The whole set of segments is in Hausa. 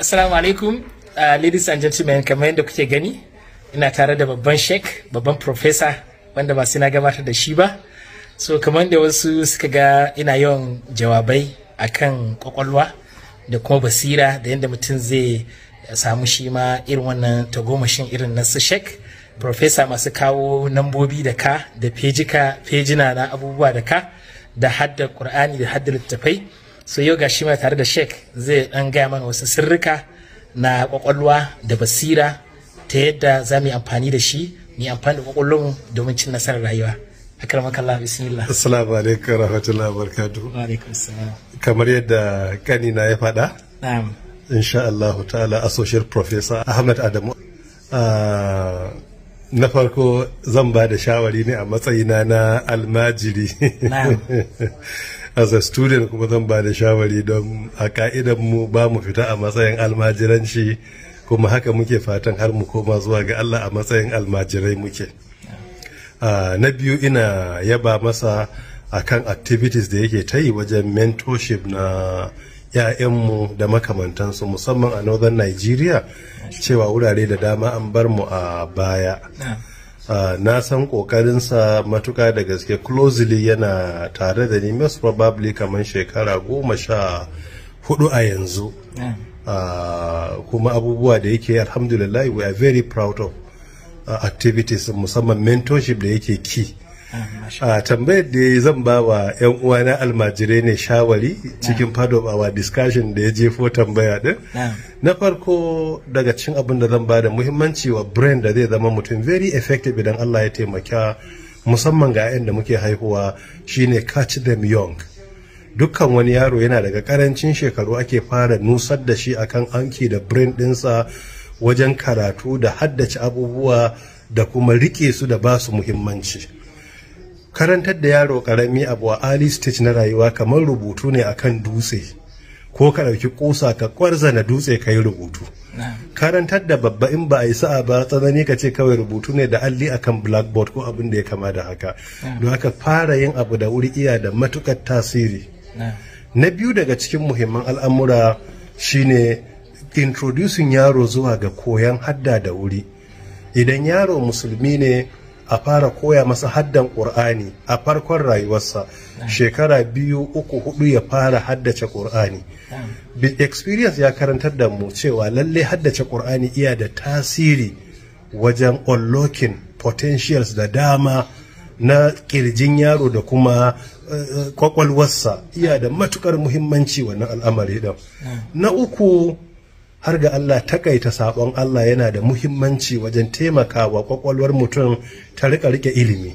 Assalamu alaikum uh, ladies and gentlemen kamar yadda kuke gani ina tare da babban sheik babban professor wanda ba na gabatar da shi ba so kamar da wasu suka ga ina yawan jawabai akan kwakwalwa da kuma basira da yadda mutum zai samu shi ma irin wannan tagomashin irin nasu shek profesa masu kawo nambobi da ka da fejina na abubuwa da ka da hadda ƙur'ani da hadda littattafai so yau gashi ma tare da sheik zai dan gaya mana wasu sirrika na kwakwalwa da basira ta yadda za mu yi amfani da shi mu yi amfani da kwakwalwarmu domin cin nasarar rayuwa akramakallah bismillah assalamu alaikum rahmatullahi wabarakatuh wa alaikum assalam kamar yadda kani na ya faɗa na'am insha Allah ta'ala associate professor Ahmad Adamu ah, na farko zan ba da shawari ne a matsayina na almajiri as a student kuma zan ba da shawari don a ka'idan mu ba mu fita a matsayin almajiranci kuma haka muke fatan har mu koma zuwa ga Allah a matsayin almajirai muke ah, na biyu ina yaba masa akan activities da yake ta yi wajen mentorship na ‘ya'yanmu da makamantansu musamman a northern nigeria cewa wurare da dama an bar mu a baya Ah, na san kokarinsa matuka da gaske closely yana tare da ni most probably kamar shekara goma sha hudu a yanzu ah, kuma abubuwa da yake alhamdulillah we are very proud of ah, activities musamman mentorship da yake key a tambayar da zan ba wa yan uwana almajirai ne shawari cikin fadomawa discussion da ya jefo tambaya din na farko daga cin abin da zan ba da muhimmanci wa brain da zai zama mutum very effective idan Allah ya taimaka musamman ga 'yan da muke haihuwa shine catch them young dukkan wani yaro yana daga karancin shekaru ake fara nusar da shi akan anki da brain dinsa wajen karatu da haddace abubuwa da kuma rike su da basu muhimmanci karantar da yaro karami abu a Ali stage na rayuwa kamar rubutu ne akan dutse ko ka ɗauki ƙusa ka na dutse ka yi rubutu karantar da babba in ba a yi sa'a ba tsanani ka ce kawai rubutu ne da alli akan blackboard ko abin da ya kama da haka don haka fara yin abu da wuri iya da matukar tasiri na biyu daga cikin muhimman al'amura shine introducing yaro zuwa ga koyan hadda da wuri idan yaro musulmi ne a fara koya masa haddan ƙur'ani a farkon rayuwarsa shekara biyu uku hudu ya fara haddace ƙur'ani experience ya karantar da mu cewa lalle haddace ƙur'ani iya da tasiri wajen unlocking potentials da dama na kirjin yaro da kuma eh, eh, kwakwalwarsa iya da matukar muhimmanci wannan al'amari na uku har ga Allah takaita sabon Allah yana da muhimmanci wajen taimakawa kwakwalwar mutum ta rika rike ilimi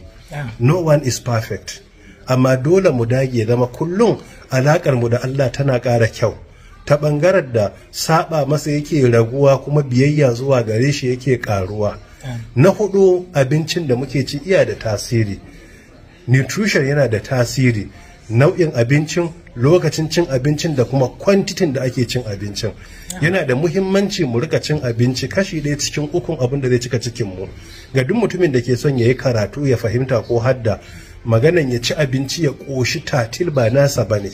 no one is perfect amma dole mu dage zama kullum alakar mu da Allah tana ƙara kyau ta ɓangaren da saɓa masa yake raguwa kuma biyayya zuwa gare shi yake ƙaruwa na hudu abincin da muke ci iya da tasiri nutrition yana da tasiri nau'in abincin lokacin cin abincin da kuma kwantitin da ake cin abincin yana da muhimmanci mu rika cin abinci kashi ɗaya cikin ukun abin da zai cika cikin mu ga duk mutumin da ke son ya yi karatu ya fahimta ko hadda maganan ya ci abinci ya ƙoshi tatil ba nasa ba ne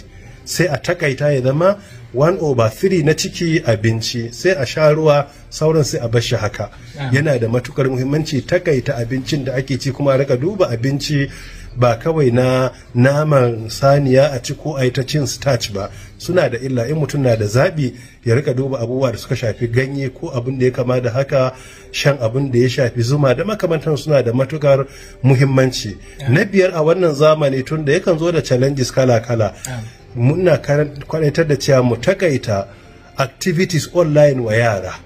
sai a takaita ya zama 1 over 3 na ciki abinci sai a sha ruwa sauran sai a bar shi haka yana da matukar muhimmanci takaita abincin da ake ci kuma rika duba abinci ba kawai na naman saniya a ci ko a yi ta cin starch ba suna da illa in mutum na da zaɓi ya rika duba abubuwa da suka shafi ganye ko abin da ya kama da haka shan abin da ya shafi zuma da makamantan suna da matukar muhimmanci na biyar a wannan zamani tun da yakan zo da challenges kala-kala muna kwanaitar da cewa mu takaita activities online wa yara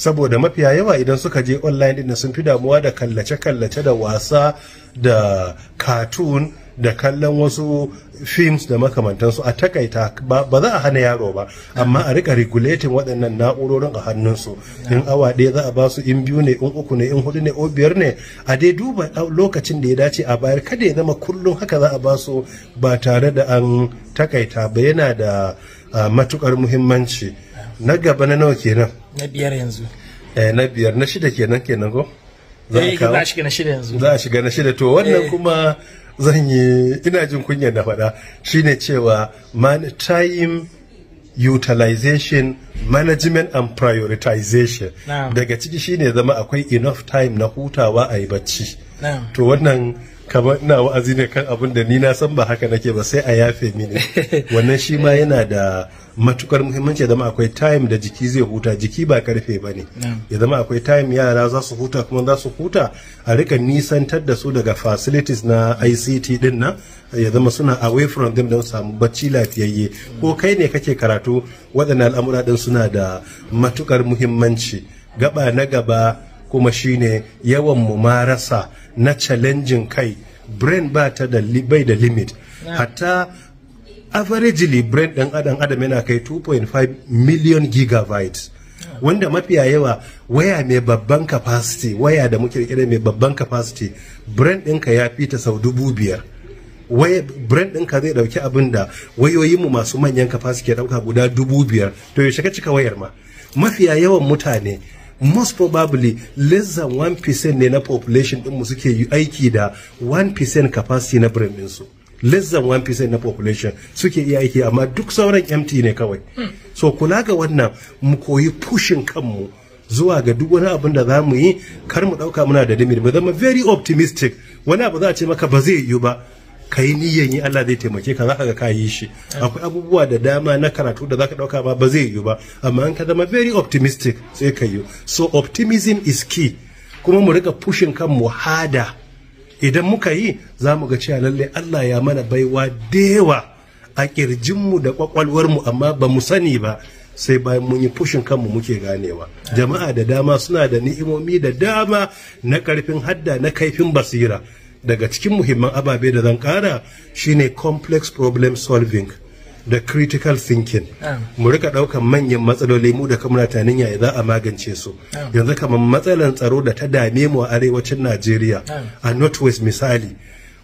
saboda mafiya yawa idan suka je online din sun fi damuwa da kallace-kallace da wasa da cartoon da kallon wasu films da makamantansu a takaita ba za a hana yaro ba amma a rika regulating waɗannan na'urorin a hannunsu in awa ɗaya za a ba su in biyu ne in uku ne in hudu ne o biyar ne a dai duba lokacin da ya dace a bayar kada ya zama kullum haka za a ba su ba tare da an takaita ba yana da ah, matukar muhimmanci. na gaba na nawa kenan na biyar yanzu eh na biyar na shida kenan kenan ko za a eh, shiga na shida yanzu za a shiga na shida to wannan eh. kuma zan yi ina jin kunya na faɗa shine cewa man time utilization management and prioritization daga ciki shine zama akwai enough time na hutawa a yi bacci to wannan kamar ina wa'azi ne kan abin da ni na san ba haka nake ba sai a yafe mini wannan shi ma yana da matukar muhimmanci zama akwai time da jiki zai huta jiki ba karfe ba ne ya zama akwai time yara za su huta kuma za su huta a rika nisantar da su daga facilities na ict din nan ya zama suna away from them don samu bacci lafiyayye ko kai ne kake karatu waɗannan al'amura din suna da matukar muhimmanci gaba na gaba kuma shine yawan mu ma na challenging kai brain ba ta da bai da limit hatta averagely brain ɗan adam adam yana kai 2.5 million gigabytes wanda mafiya yawa waya mai babban capacity waya da muke kira mai babban capacity brand ɗinka ya fita sau dubu biyar Waya brand ɗinka zai ɗauki abin da wayoyinmu masu manyan capacity ke ɗauka guda dubu biyar to yaushe ka cika wayar ma mafiya yawan mutane most probably less than 1% ne na population ɗinmu suke aiki da 1% capacity na brain su less than 1% na population suke iya aiki amma duk sauran empty ne kawai so kula ga wannan mu koyi fushin kanmu zuwa ga duk wani abin da za mu yi kar mu ɗauka muna da limit mu zama very optimistic wani abu za a ce maka ba zai yiwu ba ka yi niyyar yi Allah zai taimake ka za ka ga ka yi shi akwai abubuwa da dama na karatu da za ka ɗauka ba ba zai yiwu ba amma an ka zama very optimistic sai ka yi so optimism is key kuma mu rika pushing kan mu hada idan muka yi za mu ga cewa lalle Allah ya mana baiwa dewa a ƙirjinmu da mu amma ba mu sani ba sai bayan mun yi fushin kanmu muke ganewa jama'a da dama suna da ni'imomi da dama na karfin hadda na kaifin basira daga cikin muhimman ababe da zan kara shine complex problem solving da critical thinking mu rika daukan manyan matsaloli mu da kamar tunanin yaya za a magance su yanzu kamar matsalar tsaro da ta dame mu a arewacin Najeriya a northwest misali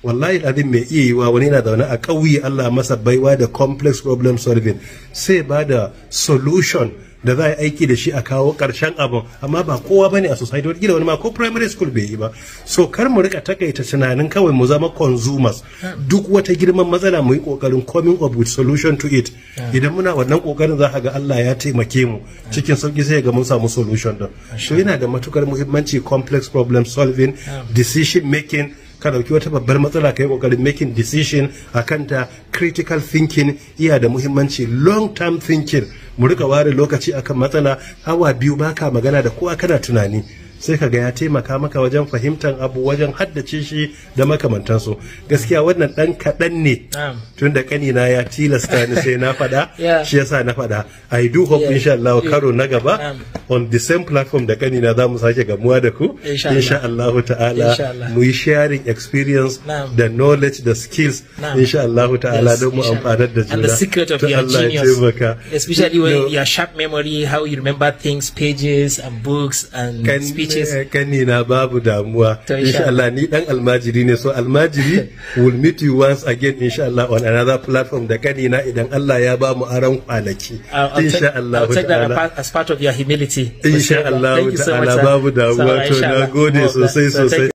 wallahi abin mai iya wa wani na zaune a ƙauye Allah masa baiwa da complex problem solving sai ba da solution da za a yi aiki da shi a kawo karshen abu amma ba kowa bane a society wata wani ma ko primary school bai yi ba so kar mu rika takaita tunanin kawai mu zama consumers duk wata girman matsala mu yi kokarin coming up with solution to it idan muna wannan kokarin za a ga Allah ya taimake mu cikin sauki sai ga mun samu solution din so yana da matukar muhimmanci complex problem solving decision making ka dauki wata babbar matsala ka yi kokarin making decision a ta critical thinking iya da muhimmanci long term thinking mu rika ware lokaci akan matsala awa biyu baka magana da kowa kana tunani sai kaga ya taimaka maka wajen fahimtar abu wajen haddace shi da makamantansu gaskiya wannan dan kaɗan ne tun da kanina ya tilasta ni sai na faɗa shi yasa na faɗa i do hope insha Allah karo na gaba on the same platform da kanina za mu sake gamuwa da ku insha Allah ta'ala mu yi sharing experience da knowledge da skills insha Allah ta'ala don mu amfanar da juna and the secret of your genius especially when your sharp memory how you remember things pages and books and speeches teachers eh, kanni na babu damuwa insha Allah ni dan almajiri ne so almajiri will meet you once again insha Allah on another platform da kanni na idan Allah ya ba mu aran kwanaki insha Allah I'll take that as part of your humility insha Allah ta'ala babu damuwa to nagode sosai sosai